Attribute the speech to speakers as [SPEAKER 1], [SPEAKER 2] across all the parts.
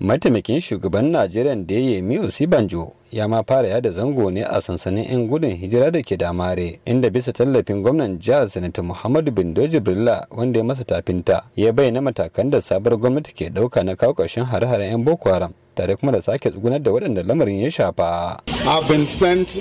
[SPEAKER 1] mataimakin shugaban najeriya da ya yemi osibanjo ya ma fara yada zango ne a sansanin 'yan gudun hijira da ke damare inda bisa tallafin gwamnan jihar sanata muhammadu bindo jibrila wanda ya masa tafinta ya bayyana matakan da sabuwar gwamnati ke dauka na kawo ƙarshen hare-haren 'yan boko haram tare kuma da sake tsugunar da waɗanda lamarin ya shafa. I've been sent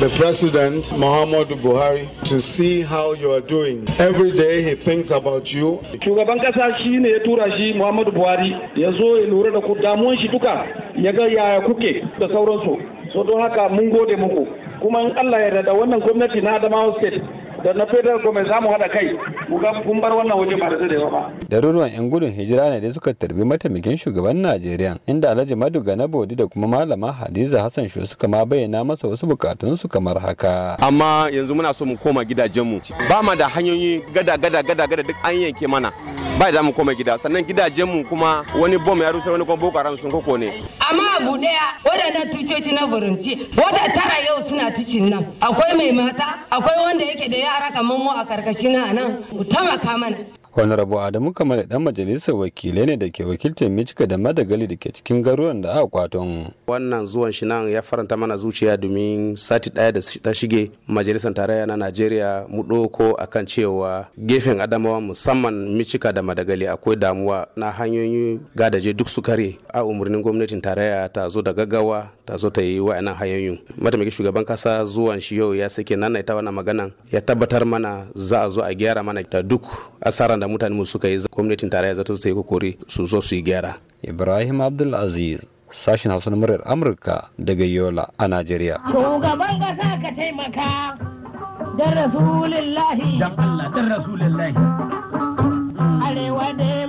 [SPEAKER 1] the President Muhammadu Buhari to see how you are doing.
[SPEAKER 2] Every day he thinks about you. Shugaban kasa shi ne ya tura shi Muhammadu Buhari ya zo ya lura da ku damuwan shi duka ya ga yaya kuke da sauransu. So don haka mun gode muku. Kuma in Allah ya da wannan gwamnati na Adamawa State da na federal government za mu haɗa kai
[SPEAKER 1] kuga kun bar wannan waje ba da yawa ba daruruwan yan gudun hijira ne da suka tarbi mataimakin shugaban Najeriya inda Alhaji Maduga na Bodi da kuma malama Hadiza Hassan Shu suka ma bayyana masa wasu bukatun su kamar haka
[SPEAKER 2] amma yanzu muna so mu koma gidajen mu. ba ma da hanyoyi gada gada gada gada duk an yanke mana ba za mu koma gida sannan gidajen mu kuma wani bom ya rusa wani kuma boko haram sun koko ne amma abu daya waɗannan tucoci na volunteer wadda tara yau suna ticin nan akwai mai mata akwai wanda yake da yara kamar mu a karkashi na nan mu taimaka mana
[SPEAKER 1] honorable adamu kamar dan majalisar wakilai ne da ke wakiltar michika da madagali da ke cikin garuruwan da aka kwaton
[SPEAKER 2] wannan zuwan shi nan ya faranta mana zuciya domin sati daya da ta shige majalisar tarayya na najeriya mu a kan cewa gefen adamawa musamman michika da madagali akwai damuwa na hanyoyi gadaje duk su kare a umarnin gwamnatin tarayya ta zo da gaggawa ta zo ta yi wa'annan hanyoyin mataimakin shugaban kasa zuwan shi yau ya sake nanaita wannan maganan ya tabbatar mana za a zo a gyara mana
[SPEAKER 1] da duk asaran da mutane mu suka yi gwamnatin tarayya za ta yi kokori su zo su yi gyara ibrahim abdulaziz sashen hausa na muryar amurka daga yola a najeriya
[SPEAKER 2] shugaban kasa ka taimaka da Rasulullahi. Da allah da Rasulullahi. arewa ne